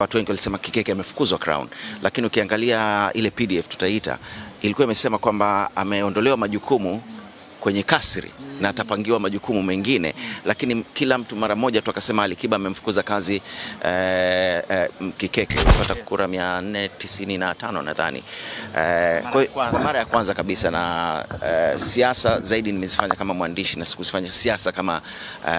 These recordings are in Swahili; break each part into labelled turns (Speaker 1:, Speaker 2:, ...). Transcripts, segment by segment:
Speaker 1: Watu wengi walisema Kikeke amefukuzwa Crown, lakini ukiangalia ile PDF tutaita ilikuwa imesema kwamba ameondolewa majukumu kwenye kasri na atapangiwa majukumu mengine, lakini kila mtu mara moja tu akasema Alikiba amemfukuza kazi e, e, Kikeke kupata kura 495 nadhani eh, kwa mara ya kwanza kabisa. Na e, siasa zaidi nimezifanya kama mwandishi na sikuzifanya siasa kama e,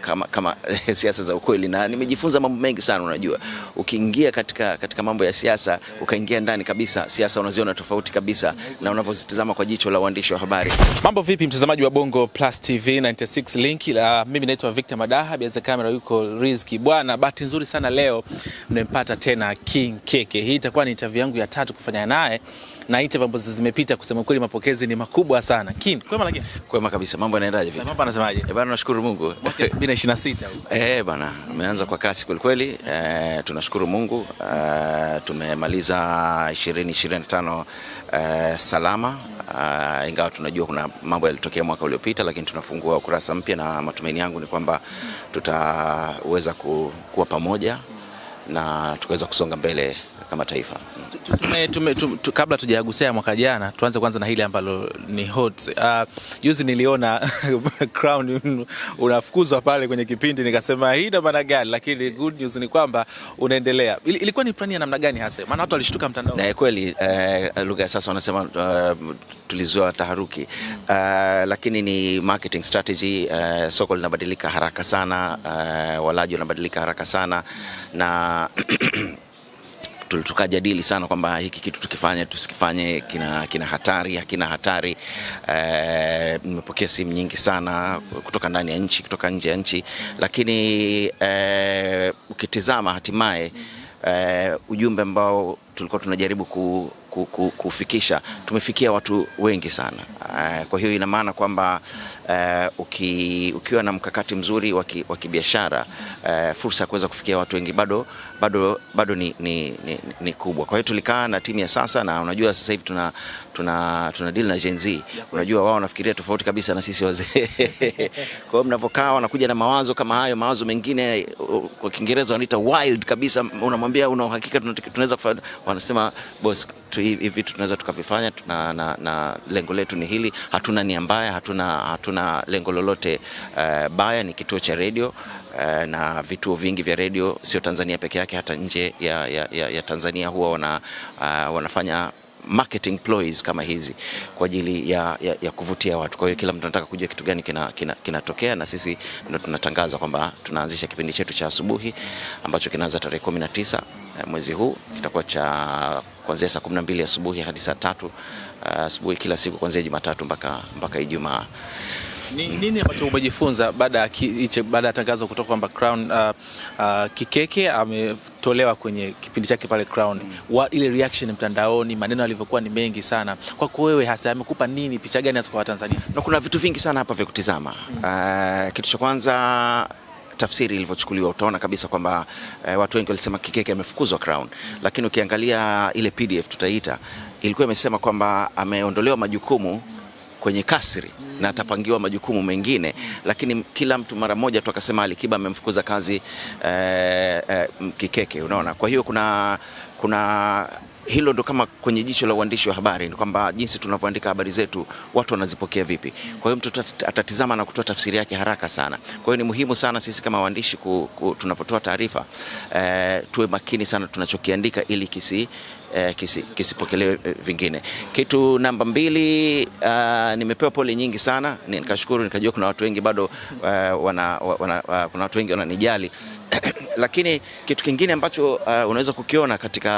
Speaker 1: kama, kama siasa za ukweli, na nimejifunza mambo mengi sana. Unajua, ukiingia katika, katika mambo ya siasa ukaingia ndani kabisa, siasa unaziona tofauti kabisa na unavyozitazama kwa jicho la uandishi wa habari.
Speaker 2: Mambo vipi, mtazamaji wa Bongo Plus TV 96 Link. La, mimi naitwa Victor Madaha, biaza kamera yuko Rizki. Bwana, bahati nzuri sana leo mmempata tena King Keke. Hii itakuwa ni interview yangu ya tatu kufanya naye native ambazo zimepita, kusema kweli mapokezi ni makubwa sana. Kin, kwema lakini?
Speaker 3: Kwema kabisa. Mambo yanaendaje vipi?
Speaker 2: Mambo anasemaje? Eh,
Speaker 3: bana nashukuru Mungu.
Speaker 2: Mwaka 2026
Speaker 3: Eh, bana, umeanza kwa kasi kweli kweli. Eh, tunashukuru Mungu. Eh, tumemaliza 2025 eh, salama. Uh, ingawa tunajua kuna mambo yalitokea mwaka uliopita, lakini tunafungua ukurasa mpya, na matumaini yangu ni kwamba tutaweza ku, kuwa pamoja na tukaweza kusonga mbele kama taifa
Speaker 2: tume, tume, tume, kabla tujagusia mwaka jana, tuanze kwanza na hili ambalo ni hot. Uh, niliona Crown unafukuzwa pale kwenye kipindi, nikasema hii ndo maana gani? Lakini good news ni kwamba unaendelea. ilikuwa ni plani ya namna gani hasa? Maana watu walishtuka mtandaoni.
Speaker 3: Na eh, kweli uh, lugha ya sasa wanasema uh, tulizua taharuki uh, lakini ni marketing strategy uh, soko linabadilika haraka sana uh, walaji wanabadilika haraka sana na tukajadili sana kwamba hiki kitu tukifanye tusikifanye, kina, kina hatari hakina hatari. Eh, nimepokea e, simu nyingi sana kutoka ndani ya nchi, kutoka nje ya nchi, lakini e, ukitizama hatimaye e, ujumbe ambao tulikuwa tunajaribu ku kufikisha, tumefikia watu wengi sana. Eh, kwa hiyo ina maana kwamba uh, uki, ukiwa na mkakati mzuri wa kibiashara uh, fursa ya kuweza kufikia watu wengi bado, bado, bado ni, ni, ni, ni kubwa. Kwa hiyo tulikaa na timu ya sasa, na unajua sasa hivi tuna, tuna, tuna deal na Gen Z. Unajua wao wanafikiria tofauti kabisa na sisi wazee kwa hiyo mnavyokaa wanakuja na mawazo kama hayo, mawazo mengine kwa Kiingereza wanaita wild kabisa, unamwambia una uhakika tunaweza kufanya, wanasema boss tu hivi vitu tunaweza tukavifanya tuna, na, na lengo letu ni hili. Hatuna nia mbaya, hatuna, hatuna lengo lolote uh, baya. Ni kituo cha redio uh, na vituo vingi vya redio sio Tanzania peke yake, hata nje ya, ya, ya, ya Tanzania huwa wana, uh, wanafanya marketing ploys kama hizi kwa ajili ya, ya, ya kuvutia watu. Kwa hiyo kila mtu anataka kujua kitu gani kinatokea kina, kina na sisi ndo tunatangaza kwamba tunaanzisha kipindi chetu cha asubuhi ambacho kinaanza tarehe 19 Eh, mwezi huu kitakuwa cha kuanzia saa 12 asubuhi hadi saa tatu eh, asubuhi kila siku kuanzia Jumatatu mpaka mpaka Ijumaa.
Speaker 2: Ni, nini ambacho umejifunza baada ya baada ya tangazo kutoka kwamba Crown uh, uh, Kikeke ametolewa kwenye kipindi chake pale Crown mm. ile reaction mtandaoni, maneno yalivyokuwa ni mengi sana. Kwako wewe hasa amekupa nini, picha gani hasa kwa Watanzania?
Speaker 1: Na kuna vitu vingi sana hapa vya kutizama mm. uh, kitu cha kwanza tafsiri ilivyochukuliwa utaona kabisa kwamba e, watu wengi walisema Kikeke amefukuzwa Crown, lakini ukiangalia ile PDF tutaita ilikuwa imesema kwamba ameondolewa majukumu kwenye kasri na atapangiwa majukumu mengine, lakini kila mtu mara moja tu akasema Alikiba amemfukuza kazi e, e, Kikeke. Unaona, kwa hiyo kuna kuna hilo ndo kama kwenye jicho la uandishi wa habari ni kwamba jinsi tunavyoandika habari zetu watu wanazipokea vipi. Kwa hiyo mtu atatizama na kutoa tafsiri yake haraka sana. Kwa hiyo ni muhimu sana sisi kama waandishi tunapotoa taarifa eh, tuwe makini sana tunachokiandika ili kisi eh, kisi, kisipokelewe eh, vingine. Kitu namba mbili, uh, nimepewa pole nyingi sana, nikashukuru nikajua kuna watu wengi bado uh, wana, wana, wana, ah, kuna watu wengi wananijali lakini kitu kingine ambacho uh, unaweza kukiona katika,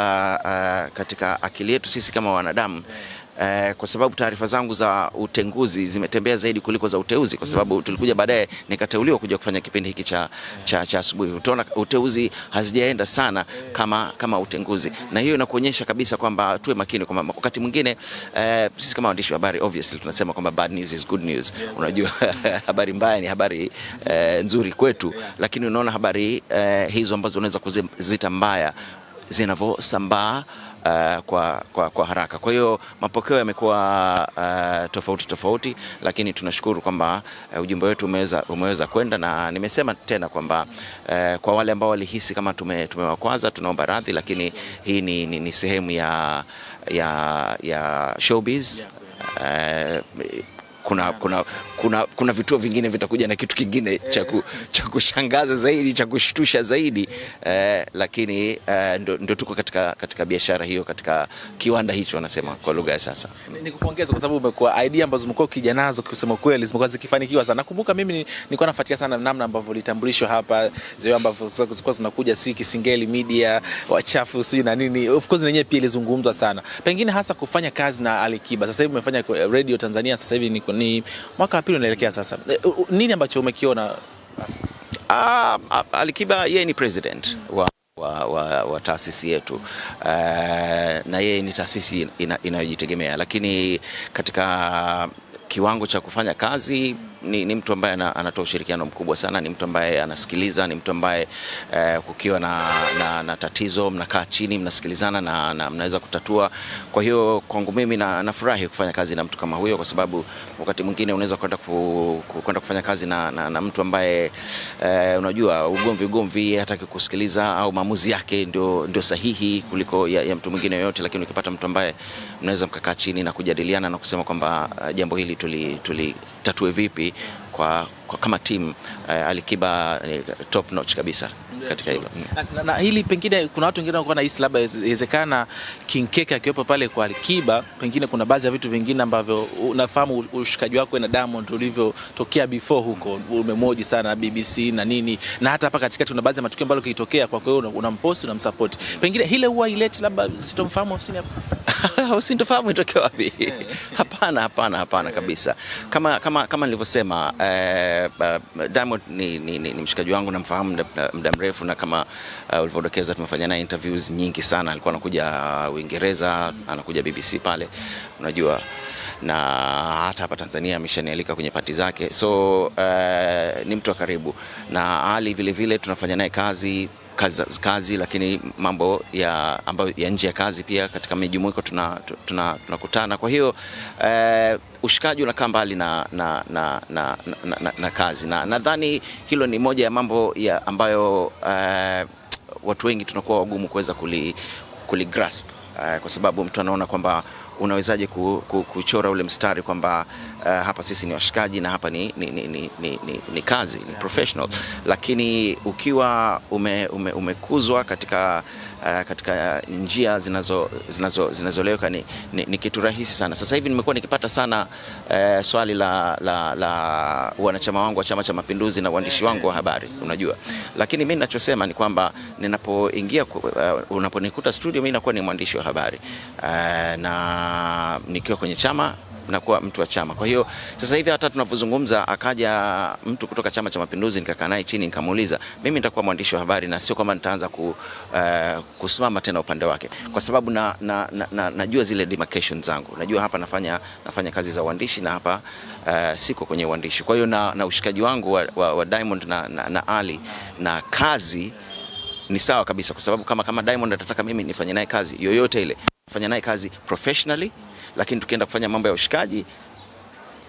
Speaker 1: uh, katika akili yetu sisi kama wanadamu eh, kwa sababu taarifa zangu za utenguzi zimetembea zaidi kuliko za uteuzi, kwa sababu mm. tulikuja baadaye nikateuliwa kuja kufanya kipindi hiki cha, cha, cha asubuhi. Utaona uteuzi hazijaenda sana kama, kama utenguzi, na hiyo inakuonyesha kabisa kwamba tuwe makini mama. wakati mwingine eh, sisi kama waandishi wa habari obviously tunasema kwamba bad news is good news. Unajua habari mbaya ni habari eh, nzuri kwetu, lakini unaona habari eh, hizo ambazo unaweza kuzita mbaya zinavyosambaa uh, kwa, kwa, kwa haraka. Kwa hiyo mapokeo yamekuwa uh, tofauti tofauti, lakini tunashukuru kwamba uh, ujumbe wetu umeweza, umeweza kwenda, na nimesema tena kwamba uh, kwa wale ambao walihisi kama tumewakwaza tunaomba radhi, lakini hii ni, ni, ni sehemu ya, ya, ya showbiz uh, kuna, kuna, kuna, kuna vituo vingine vitakuja na kitu kingine eh. cha kushangaza zaidi cha kushtusha zaidi eh, lakini eh, ndo, ndo tuko katika, katika biashara hiyo katika kiwanda hicho wanasema kwa lugha ya sasa.
Speaker 2: Nikupongeza kwa sababu umekuwa idea ambazo umekuwa ukija nazo kusema kweli zimekuwa zikifanikiwa sana. Nakumbuka mimi nilikuwa nafuatia sana namna ambavyo litambulishwa hapa zile ambavyo zilikuwa zinakuja si Kisingeli Media wachafu sijui na nini, of course nenyewe pia ilizungumzwa sana, pengine hasa kufanya kazi na Alikiba. Sasa hivi umefanya Radio Tanzania, sasa hivi ni kwako, ni mwaka wa pili unaelekea sasa, eh, nini ambacho umekiona?
Speaker 3: Ah, ah, Alikiba yeye ni president wa wa, wa, wa taasisi yetu uh, na yeye ni taasisi inayojitegemea ina, lakini katika kiwango cha kufanya kazi ni, ni mtu ambaye anatoa ushirikiano mkubwa sana, ni mtu ambaye anasikiliza, ni mtu ambaye eh, kukiwa na, na, na tatizo mnakaa chini mnasikilizana na, na mnaweza kutatua. Kwa hiyo kwangu mimi na, nafurahi kufanya kazi na mtu kama huyo, kwa sababu wakati mwingine unaweza kwenda ku, kwenda kufanya kazi na, na, na mtu ambaye eh, unajua ugomvi ugomvi, hataki kusikiliza au maamuzi yake ndio, ndio sahihi kuliko ya, ya mtu mwingine yoyote, lakini ukipata mtu ambaye mnaweza mkakaa chini na kujadiliana na kusema kwamba eh, jambo hili tulitatue tuli vipi kwa kwa kama timu eh, Alikiba eh, top notch kabisa katika hilo
Speaker 2: na, na, na hili pengine kuna watu wengine wanakuwa na hisi labda inawezekana King Keke akiwepo pale kwa Alikiba, pengine kuna baadhi ya vitu vingine ambavyo unafahamu ushikaji wako na Diamond ulivyotokea before huko, umemoji sana BBC na nini, na hata hapa katikati kuna baadhi ya matukio ambayo kitokea kwa kwa hiyo unampost unamsupport, pengine ile huwa ileti labda sitomfahamu ofisini hapa
Speaker 3: usintofahamu itokea wapi? Hapana, hapana, hapana kabisa, kama kama kama nilivyosema eh, uh, Diamond ni, ni, ni, ni mshikaji wangu namfahamu muda mrefu, na kama uh, ulivyodokeza tumefanya naye interviews nyingi sana. Alikuwa anakuja Uingereza, anakuja BBC pale, unajua na hata hapa Tanzania ameshanialika kwenye pati zake, so uh, ni mtu wa karibu na Ali vilevile, tunafanya naye kazi kazi, kazi lakini mambo ya ambayo ya nje ya kazi pia katika mijumuiko tunakutana tuna, tuna kwa hiyo eh, ushikaji unakaa mbali na, na, na, na, na, na, na kazi na nadhani hilo ni moja ya mambo ya ambayo eh, watu wengi tunakuwa wagumu kuweza kuli, kuli grasp eh, kwa sababu mtu anaona kwamba unawezaje ku, ku, kuchora ule mstari kwamba uh, hapa sisi ni washikaji na hapa ni, ni, ni, ni, ni, ni kazi ni professional, lakini ukiwa ume, ume, umekuzwa katika uh, katika eh, njia zinazoleweka zinazo, zinazo ni, ni, ni kitu rahisi sana. Sasa hivi nimekuwa nikipata sana uh, swali la, la, la wanachama wangu wa Chama cha Mapinduzi na uandishi wangu wa habari, unajua, lakini mi ninachosema ni kwamba ninapoingia uh, unaponikuta studio mi nakuwa ni mwandishi wa habari uh, na nikiwa kwenye chama mnakuwa mtu wa chama. Kwa hiyo sasa hivi hata tunavyozungumza, akaja mtu kutoka Chama cha Mapinduzi, nikakaa naye chini, nikamuuliza mimi nitakuwa mwandishi wa habari na sio kwamba nitaanza ku, uh, kusimama tena upande wake, kwa sababu na, na, na, na, najua zile demarcation zangu, najua hapa nafanya, nafanya kazi za uandishi na hapa uh, siko kwenye uandishi. Kwa hiyo na, na ushikaji wangu wa, wa, wa Diamond na, na, na Ali na kazi ni sawa kabisa, kwa sababu kama, kama Diamond atataka mimi nifanye naye kazi yoyote ile, fanya naye kazi professionally lakini tukienda kufanya mambo ya ushikaji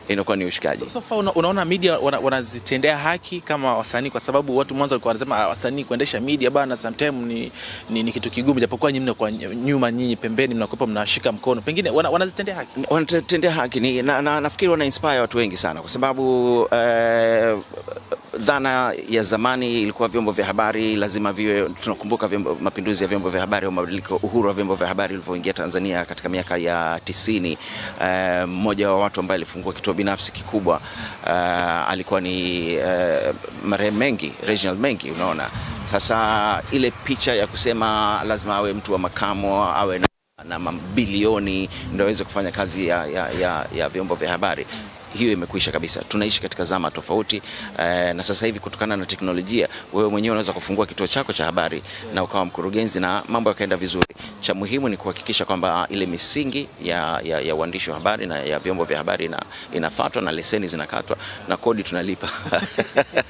Speaker 3: inakuwa ni ushikaji. So,
Speaker 2: so una, unaona media wanazitendea wana haki kama wasanii, kwa sababu watu mwanzo walikuwa wanasema ah, wasanii kuendesha media bana sometimes ni, ni, ni kitu kigumu, japokuwa nyinyi mnakuwa nyuma, nyinyi pembeni mnakuwepo, mnashika mkono, pengine wanazitendea wana
Speaker 3: haki, wanatendea haki ni, na, na, nafikiri wana inspire watu wengi sana kwa sababu eh, dhana ya zamani ilikuwa vyombo vya habari lazima viwe, tunakumbuka mapinduzi ya vyombo vya habari au mabadiliko, uhuru wa vyombo vya habari ulivyoingia Tanzania katika miaka ya tisini. Eh, mmoja uh, wa watu ambaye alifungua kituo binafsi kikubwa uh, alikuwa ni uh, eh, marehemu Mengi, Reginald Mengi. Unaona sasa ile picha ya kusema lazima awe mtu wa makamo awe na, na mabilioni ndio aweze kufanya kazi ya, ya, ya, ya vyombo vya habari hiyo imekwisha kabisa. Tunaishi katika zama tofauti eh, na sasa hivi kutokana na teknolojia, wewe mwenyewe unaweza kufungua kituo chako cha habari na ukawa mkurugenzi na mambo yakaenda vizuri. Cha muhimu ni kuhakikisha kwamba ile misingi ya, ya, ya uandishi wa habari na ya vyombo vya habari inafatwa na leseni zinakatwa na kodi tunalipa.